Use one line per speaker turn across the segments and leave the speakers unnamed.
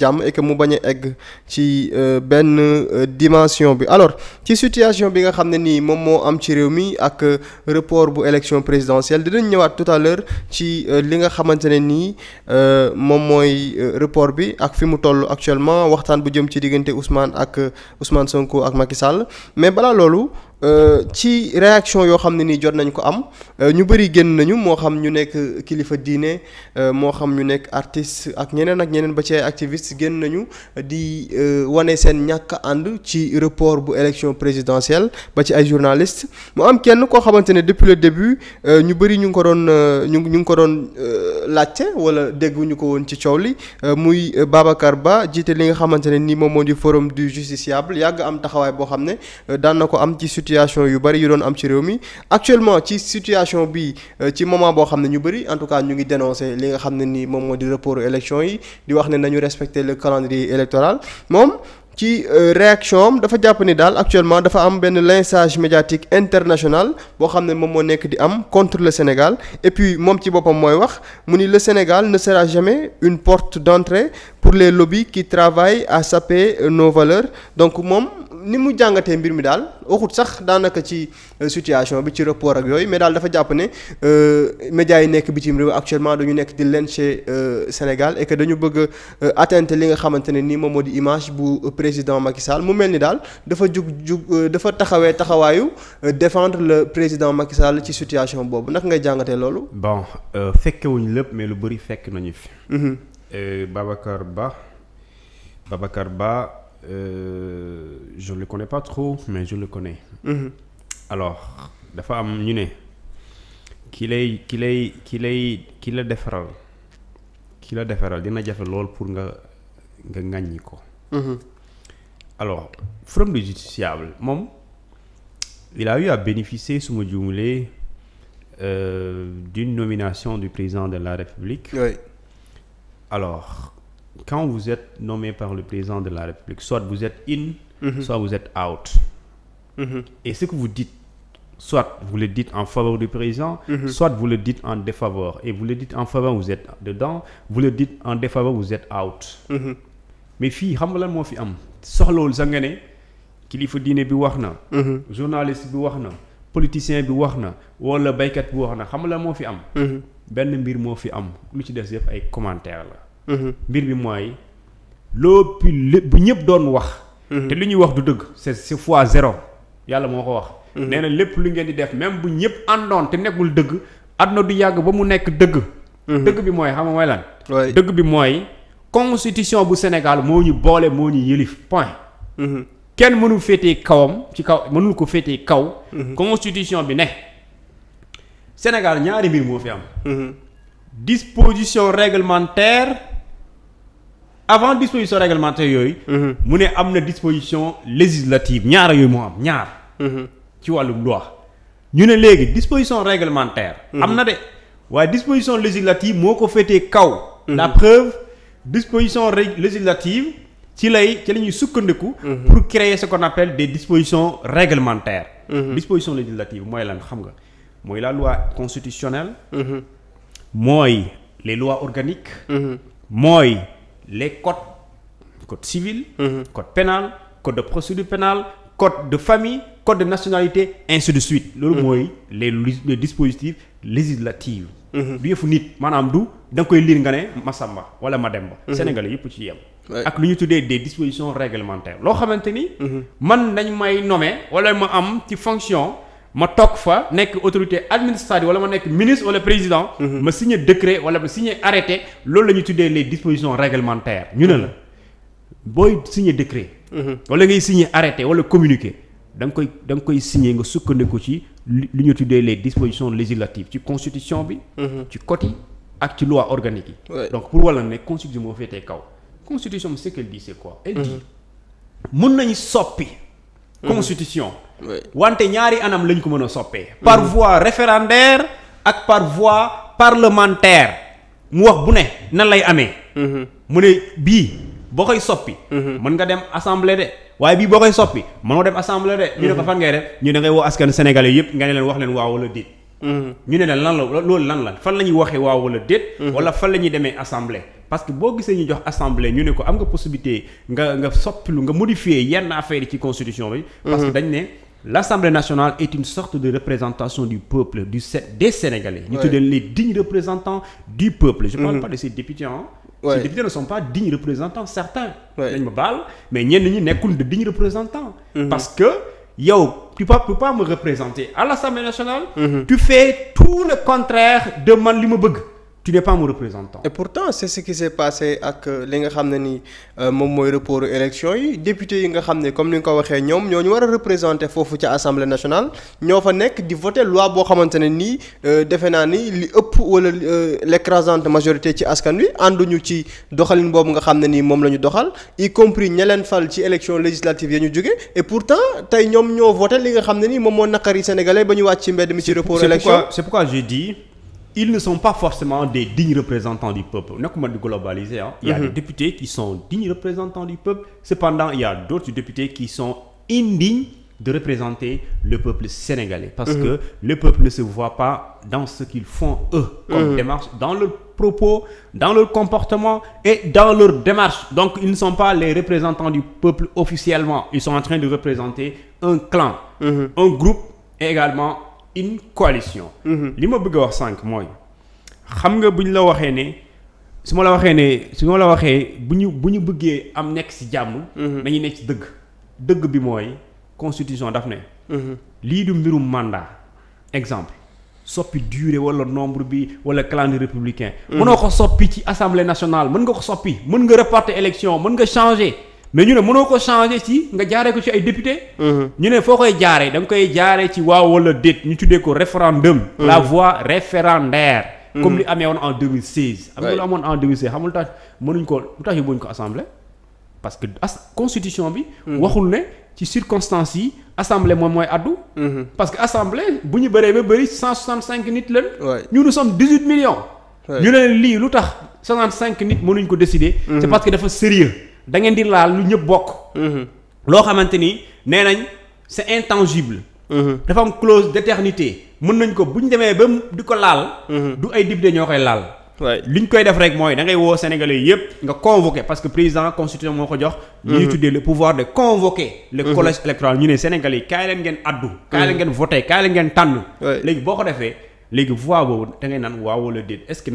jàmm et mu bañ a egg ci euh, benn euh, dimension bi alors ci situation bi nga xam ne nii moom moo am ci réew mi ak euh, report bu élection présidentielle dinañ ñëwaat tout ci li nga xamante ne nii moom mooy report bi ak fi mu toll actuellement waxtaan bu jëm ci diggante Ousmane ak usman Sonko ak Macky Sall mais balaa loolu Euh, ci réaction yoo xam ne nii jot nañ ko am euh, ñu bëri génn nañu moo xam ñu nekk kilifa diine euh, moo xam ñu nekk artist ak ñeneen ak ñeneen ba ci ay activiste génn nañu di wane seen ñàkk ànd ci report bu élection présidentielle ba ci ay journaliste mu am kenn koo xamante ne depuis le début ñu bëri ñu ngi ko doon ñu ñu ngi ko doon laajte wala dégguñu ko woon ci coow li muy Babacar Ba jiite li nga xamante ne nii moom moo di forum du justiciable yàgg am taxawaay boo xam ne daan na situation yu bëri yu doon am ci réew mi actuellement ci situation bi euh, ci moment boo xam ne ñu bëri en tout cas ñu ngi dénoncé li nga xam ne ni moom moo di report élection yi di wax ne nañu respecter le calendrier électoral moom ci euh, réaction am dafa jàpp ni daal actuellement dafa am benn lynchage médiatique international boo xam ne moom moo nekk di am contre le Sénégal et puis moom ci boppam mooy wax mu ni le Sénégal ne sera jamais une porte d'entrée pour les lobbies qui travaillent à saper euh, nos donc moom ni mu jàngatee mbir mi daal waxut sax daanaka ci euh, situation bi ci rapport ak yooyu mais daal dafa jàpp ne euh, médias yi nekk bitim réew actuellement dañu nekk di lyncher euh, Sénégal et que dañu bëgg a li nga xamante ne nii moom moo di image bu président Macky Sall mu mel ni daal dafa jug jug dafa taxawee taxawaayu défendre le président Macky Sall ci situation boobu naka ngay jàngatee loolu.
bon fekkewuñ lépp mais lu bëri fekk nañu fi. Mm-hmm. Babacar Ba Babacar Ba. euh, je le connais pas trop mais je le connais. Mm dafa am ñu ne ki lay ki lay ki lay ki la defaral ki la defaral dina jafe lool pour nga nga ŋàññi ko. Mm-hmm. alors from le justiciable moom il a eu à bénéficier su ma juumlee euh, d'une nomination du président de la République. Oui. quand vous êtes nommé par le président de la République, soit vous êtes in, mm -hmm. soit vous êtes out. Mm Et ce que vous dites, soit vous le en faveur du président, mhm. soit vous le en défaveur. Et vous le dites en faveur, vous êtes dedans, vous le en défaveur, vous êtes out. Mhm. mais fii xam nga lan moo fi am soxlawul sa nga ne kilifa diine bi wax na. Mhm. journaliste bi wax na. politicien bi wax na walla baykat bi wax na xam nga lan moo fi am. benn mbir moo fi am lu ci des yëpp ay commentaire la. Mm-hmm. mbir bi mooy loo pi lépp bu ñëpp doon wax. Mm-hmm. te li ñuy wax du dëgg c'est c'est fois zéro yàlla moo ko wax. Mm-hmm. nee na lépp lu ngeen di def même bu ñëpp àndoon te nekkul dëgg àdduna du yàgg ba mu nekk dëgg. dëgg bi mooy xam nga mooy lan. dëgg bi mooy constitution bu Sénégal moo ñu boole moo ñu yëlif point. kenn mënul féetee kawam ci kaw mënul ko féetee kaw. constitution bi ne Sénégal ñaari mbir moo fi am. disposition réglementaire. avant disposition réglementaire yooyu. Mhm. mu ne am na disposition législative ñaara yooyu moo am ñaar. Mhm. ci wàllum loi ñu ne léegi disposition réglementaire. am mhm. na de waaye disposition législative moo ko féetee kaw. la preuve disposition législative ci lay ci la ñuy sukkandiku. pour créer ce appelle des dispositions réglementaires. disposition législative mooy lan xam nga mooy la loi constitutionnelle. mooy les lois organiques. mooy. les codes code civil mmh. code pénal code de procédure pénale code de famille code de nationalité ainsi de suite loolu mhm. mooy les les dispositifs législatifs mhm. du yëfu nit maanaam du da koy liir nga ne Masamba wala Mademba mhm. sénégal yëpp ci yem ak lu ñu tuddee des dispositions réglementaires loo xamante ni man dañ may nommer wala ma am ci fonction ma toog fa nekk autorité administrative wala ma nekk ministre wala président. Mhm. ma signé décret wala ma signé arrêté loolu la ñuy tuddee les dispositions réglementaires ñu ne la booy signé décret. Mhm. wala ngay signé arrêté wala communiqué da nga koy da nga koy signé nga sukkandiku ci li ñu tuddee les dispositions législatives ci constitution bi. Mhm. ci code ak ci loi organique yi. donc pour wala ne constitution moo féetee kaw. constitution bi ce qu'elle dit c'est quoi. constitution wante ñaari anam lañ ko mën a soppee mm. par voie référendaire ak par voie parlementaire mu wax bu ne nan lay amee mm-hmm. mu ne bii boo koy soppi mm-hmm. mën nga dem assemblée de waaye bii boo koy soppi mënoo dem assemblée de ñu ne ko mm-hmm. fan ngay def ñu da ngay woo askan sénégalais yëpp nga ne leen wax leen waaw wala déet ñu ne la lan la loolu lan la fan la ñuy waxee waaw wala déet. Mhm. wala fan la ñuy demee assemblée. parce que boo gisee ñu jox assemblée ñu ne ko am nga possibilité nga nga soppilu nga modifier yenn affaire yi ci constitution bi. Mhm. parce que dañ ne. l'Assemblée nationale est une sorte de représentation du peuple du des Sénégalais. ñu tuddee les dignes représentants du peuple. je parle mhm. pas de ces députés ah. ces députés ne sont pas dignes représentants certains. dañ ma baal mais ñenn ñi nekkul de dignes représentants. parce yow tu peux pas me représenter à l'Assemblée nationale. Mm -hmm. tu fais tout le contraire de man li ma bëgg. tu n'es pas mon représentant.
et pourtant c'est ce qui s'est passé ak li nga xam ne ni euh, moom mooy report élection yi député yi nga xam ne comme ni nga ko waxee ñoom ñoo ñu war a représenter foofu ca assemblée nationale ñoo fa nekk di voter loi boo xamante ne nii euh, defe naa ni li ëpp wala euh, l'écrasante majorité ci askan wi ànduñu ci doxalin boobu nga xam ne nii moom la ñu doxal y compris ña leen fal ci élection législative ya ñu jóge et pourtant tey ñoom ñoo voter li nga xam ne nii moom moo naqari sénégalais ba ñu wàcc ci mbedd mi ci report élection
c'est ils ne sont pas forcément des dignes représentants du peuple nekkuma di globaliser ah. il y a mm-hmm. des députés qui sont dignes représentants du peuple cependant il y a d'autres députés qui sont indignes de représenter le peuple sénégalais parce mm-hmm. que le peuple ne se voit pas dans ce qu'ils font eux comme mm-hmm. démarche dans leur propos dans leur comportement et dans leur démarche donc ils ne sont pas les représentants du peuple officiellement ils sont en train groupe et une coalition. li ma bëgg a wax sànq mooy xam nga bu ñu la waxee ne su ma la waxee ne su ma la waxee bu ñu bu ñu bëggee am nekk ci jàmm. Mhm. nañu nekk ci dëgg. dëgg bi mooy constitution daf ne. Mhm. lii du mbirum mandat exemple. soppi durée wala nombre bi wala calendrier républicain. Mhm. mënoo ko soppi ci assemblée nationale mën nga ko soppi mën nga reporter élection mën nga changer. mais ñu ne mënoo ko changer ci nga jaare ko ci ay député mhm. ñu ne foo koy jaaree da nga koy jaaree ci waaw wala déet ñu tuddee ko référendum mhm. la voie référendaire mhm. comme li amee woon en 2016 am nga en 2016 xam nga lu tax mënuñ ko lu tax yóbbuñ ko assemblée parce que as constitution bi waxul ne ci circonstances yi assemblée moom mooy addu parce que assemblée bu ñu bëree ba bëri cent soixante cinq nit lañ ñu nous sommes dix millions ñu ne lii lu tax soixante cinq nit mënuñ ko décider c'est parce que dafa sérieux da ngeen di laal lu ñëpp bokk. Mhm. loo xamante ni nee nañ c'est intangible. Mhm. dafa am clause d'éternité mën nañ ko bu ñu demee ba di ko laal. Mhm. du ay député ñoo koy laal. li ñu koy def rek mooy da ngay woo sénégalais yëpp nga convoquer parce que président constitution moo ko jox. ñuy tuddee le pouvoir de convoquer. le collège électoral ñu ne sénégalais yi kaay leen ngeen addu. kaay leen ngeen voté kaay leen ngeen tànn. léegi boo ko defee léegi voix boobu da ngay naan waaw wala déet est-ce que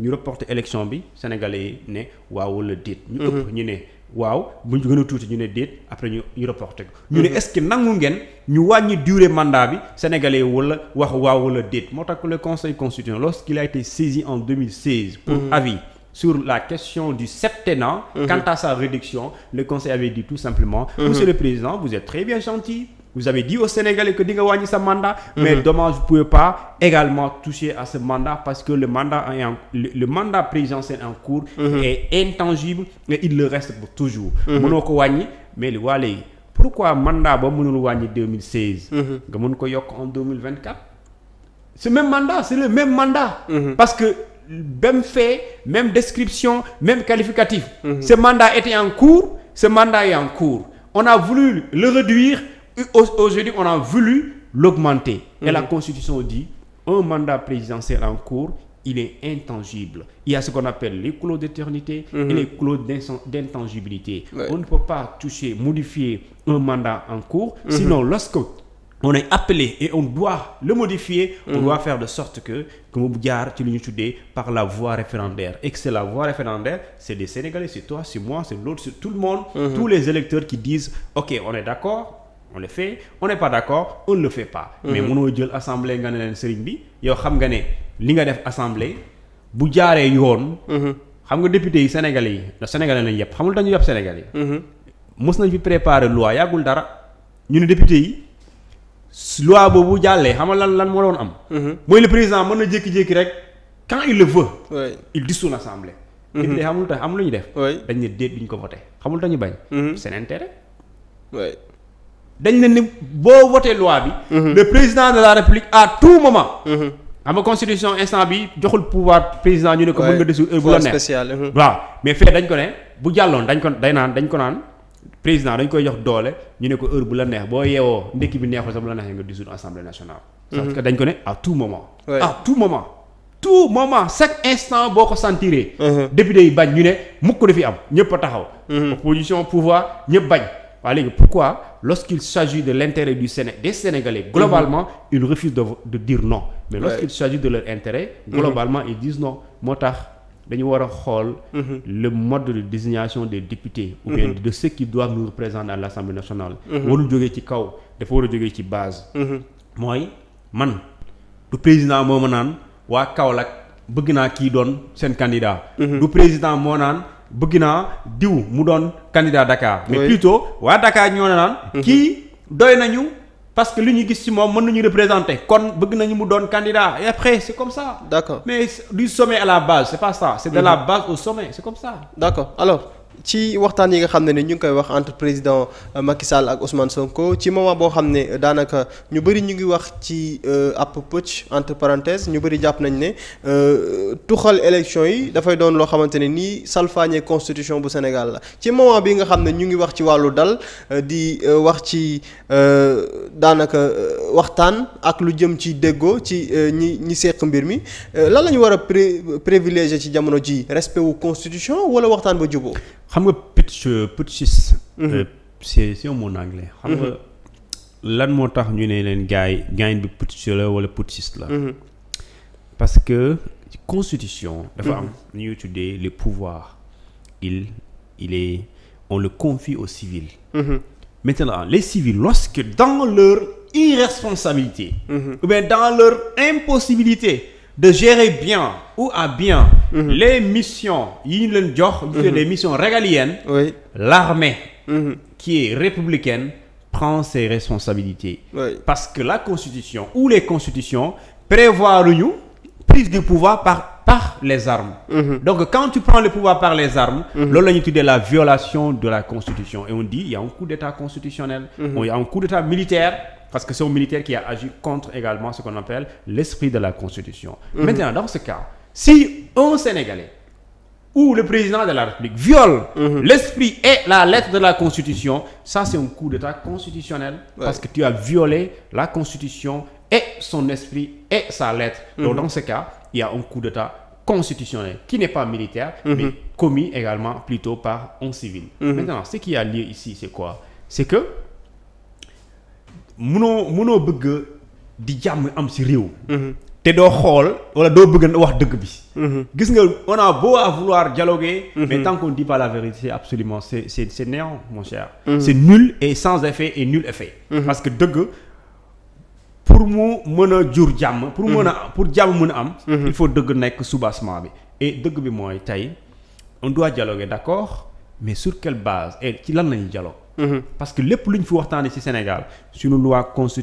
ñu reporter élection bi sénégalais yi ne waaw wala déet. ñu mhm. ëpp ñu ne waaw bu ñu gën tuuti ñu ne déet après ñu ñu reporter ko. ñu ne mhm. est-ce que nangu ngeen ñu wàññi durée mandat bi sénégalais yi wala wax waaw wala déet moo tax le conseil constitutionnel lorsqu'il a été saisi en 2016. pour mhm. avis. sur la question du septennat. Mmh. quant a sa réduction le conseil avait dit tout simplement. monsieur le président vous êtes très bien gentil. vous avez dit aux Sénégalais que di nga wàññi sa mandat. Mhm. mais dommage vous pas également toucher à ce mandat parce que le mandat est en le, le mandat présidentiel en cours. Mhm. est intangible et il le reste pour toujours. Mhm. mënoo ko wàññi mais li waa léegi pourquoi mandat ba mënul wàññi 2016. nga mën ko yokk en 2024. ce même mandat c'est le même mandat. parce que même fait même description même qualificatif. ce mandat était en cours ce mandat en cours on a voulu le réduire. aujourd'hui on a voulu l'augmenter et mmh. la mm. constitution dit un mandat présidentiel en cours il est intangible il y a ce qu'on appelle les clauses d'éternité mmh. et mm-hmm. les clauses d'intangibilité ouais. on ne peut pas toucher modifier un mandat en cours mmh. sinon lorsque on est appelé et on doit le modifier on mm-hmm. doit faire de sorte que que mu jaar ci li ñu tuddee par la voie référendaire et que c'est la voie référendaire c'est des Sénégalais c'est toi c'est moi c'est l'autre tout le monde mm-hmm. tous les électeurs qui disent ok on on on n'est pas d'accord on le mais mhm. mënoo jël assemblée nga ne leen sëriñ bi yow xam nga ne li nga def assemblée bu jaaree yoon. Mhm. xam nga député yi Sénégalais yi da Sénégalais lañ yëpp xamul dañu yëpp Sénégalais yi. Mhm. mës nañ fi préparer loi yàggul dara ñu ne député yi. loi boobu jàllee xam lan lan moo doon am. mooy le président mën na jékki-jékki rek quand il le veut. Oui. il dissout l'assemblée. député xamul tax am lu ñu def. dañ ne déet duñ ko voté xamul tax bañ. seen intérêt. dañ ne ni boo voté loi bi. Mhm. le président de la république à tout moment. Mhm. xam nga constitution instant bi joxul pouvoir président ñu ne ko mën nga desul heure bu la neex waaw mais fee dañ ko ne bu jàlloon dañ ko day naan dañ ko naan président dañ koy jox doole ñu ne ko heure bu la neex boo yeewoo ndekki bi neexul sax bu la neexee nga dissoudre assemblée nationale. Mhm. parce que dañ ko ne à tout moment. à tout moment. tout moment chaque instant boo ko sentiree. député yi bañ ñu ne mukk ko dafi am ñëpp a taxaw. opposition pouvoir ñëpp bañ. lorsqu'il s'agit de l'intérêt du Séné des Sénégalais globalement mm -hmm. ils refusent de, de dire non mais lorsqu'il s'agit de leur intérêt mm-hmm. globalement ils disent non moo tax dañu war a xool mm-hmm. le mode de désignation des députés ou bien mm-hmm. de ceux qui doivent nous représenter à l'Assemblée nationale warul jógee ci kaw dafa war a jógee ci base mooy man du président moo ma naan waa Kaolack bëgg naa kii doon seen candidat du président moo naan bëgg naa diw mu doon candidat Dakar. mais plutôt waa Dakar ñoo ne naan. Mhm. kii doy nañu. parce que li ñu gis ci moom mën nañu représenter kon bëgg nañu mu doon candidat et après c'est comme ça. d'accord mais du sommet à la base c'est pas ça. c'est de mhm. la base au sommet c'est comme ça.
d'accord alors. ci waxtaan yi nga xam ne ni ñu ngi koy wax entre président euh, Macky ak Ousmane Sonko ci moment boo xam ne daanaka ñu bëri ñu ngi wax ci euh, ab pëcc entre parenthèse ñu bëri jàpp nañ ne euh, tuxal élection yi dafay doon loo xamante ne nii salfaañe constitution bu Sénégal la ci moment bi nga xam ne ñu ngi wax ci wàllu dal di wax ci daanaka waxtaan ak lu jëm ci déggoo ci ñi ñi seq mbir mi lan la ñu war a pré privilégié ci jamono ji respe wu constitution wala waxtaan ba juboo xam nga
pitch pitchis. Mhm. Euh, c'est c'est un mot anglais. xam mhm. nga lan moo tax ñu ne leen gaay gaañ bi putsch la wala putschiste la. Mhm. parce que constitution. dafa am lu tuddee le pouvoir il il est on le confie aux civils. maintenant les civils lorsque dans leur irresponsabilité. ou bien dans leur impossibilité de gérer bien ou à bien Mm-hmm. les missions yi ñu leen jox. ñu tuddee mm-hmm. des missions régaliennes. oui l'armée mm-hmm. qui est républicaine prend ses responsabilités. Oui. parce que la constitution ou les constitutions prévoient luñu prise du pouvoir par par les armes. Mmh. donc quand tu prends le pouvoir par les armes. loolu la ñuy tuddee la violation de la constitution et on dit il y a un coup d'état constitutionnel. Mmh. il y a un coup d'état militaire. parce que c'est un militaire qui a agi contre également ce qu'on appelle l'esprit de la constitution. Mmh. maintenant dans si un Sénégalais ou le président de la République viole mmh. l'esprit et la lettre de la Constitution ça c'est un coup d'État constitutionnel parce que tu as violé la Constitution et son esprit et sa lettre donc mmh. dans ce cas il y a un coup d'État constitutionnel qui n'est pas militaire mhm. mais commis également plutôt par un civil mhm. maintenant ce qui a lieu ici c'est quoi c'est que munoo munoo bëgg di jàmm am si réew mhm. te doo xool wala doo bëgg wax dëgg bi. Mhm. gis nga on a beau à vouloir dialoguer. Mm -hmm. mais tant qu'on dit pas la vérité absolument c'est c'est c'est néant mon cher. Mhm. c'est nul et sans effet et nul effet. Mhm. parce que dëgg pour mu mën jur jàmm. pour mën a pour jàmm mën a am. il faut dëgg nekk soubassement bi. et dëgg bi mooy tey on doit dialoguer d'accord mais sur quelle base et ci lan lañuy dialogue Mhm. parce que lépp lu ñu fi waxtaanee ci Sénégal su suñu loi su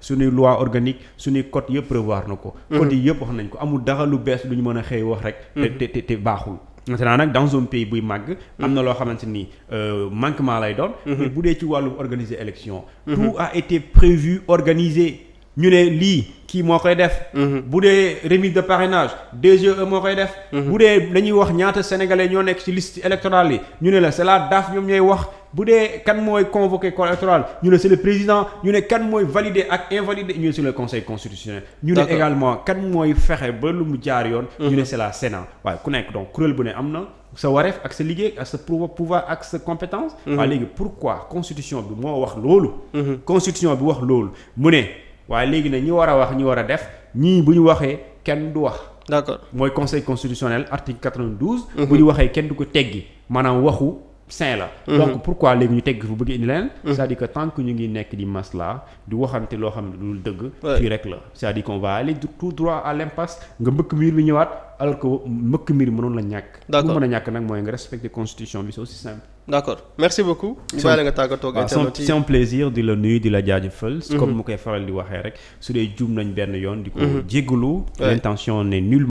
suñuy loi organique suñuy code yëpp prévoir na ko. Mhm. code yi yëpp wax nañ ko amul dara lu bees lu ñu mën a xëy wax rek. Mhm. te te te baaxul. maintenant nag dans un pays buy màgg. am na loo xamante ni euh, manquement lay doon. bu dee ci wàllu organiser élection. tout a été prévu organisé. ñu ne lii kii moo koy def. bu dee remise de parrainage DGE moo koy def. bu dee dañuy wax ñaata sénégalais ñoo nekk ci liste électorale yi ñu ne la c'est la DAF ñoom ñooy wax bu dee kan mooy convoqué corps ñu ne c'est le président ñu ne kan mooy validé ak invalidé ñu ne c'est le conseil constitutionnel. ñu ne également kan mooy fexe ba lu mu jaar yoon. ñu ne mhm. c'est la Sénat waaye ku nekk donc kuréel bu ne am na. sa wareef ak sa liggéey ak sa pouvoir ak sa compétence. Mhm. waaye léegi pourquoi constitution bi moo wax loolu. Mhm. constitution bi wax loolu mu ne waaye léegi nag ñi war a wax ñi war a def ñii bu ñu waxee kenn du wax. d'accord mooy conseil constitutionnel article 92. bu ñu waxee kenn du ko teggi maanaam waxu. sain la. Mhm. donc pourquoi léegi ñu teg fu bëgg indi leneen. Mhm. c'est-à-dire que tant ñu ngi nekk di masla di waxante loo xam ne lu dëgg. fii rek la c'est-à-dire qu'on va tout droit à l'impasse nga mbëkk miir bi ñëwaat alors que mbëkk miir mënoon la ñàkk. d'accord bu mën a ñàkk nag mooy nga respecter constitution bi c'est aussi
simple. d'accord
merci beaucoup. ñu bàyyi plaisir di la nuyu di la jaajëfal. Mhm. comme mu koy faral di waxee rek su dee juum nañ benn yoon. di ko jégalu l'intention n'est nulle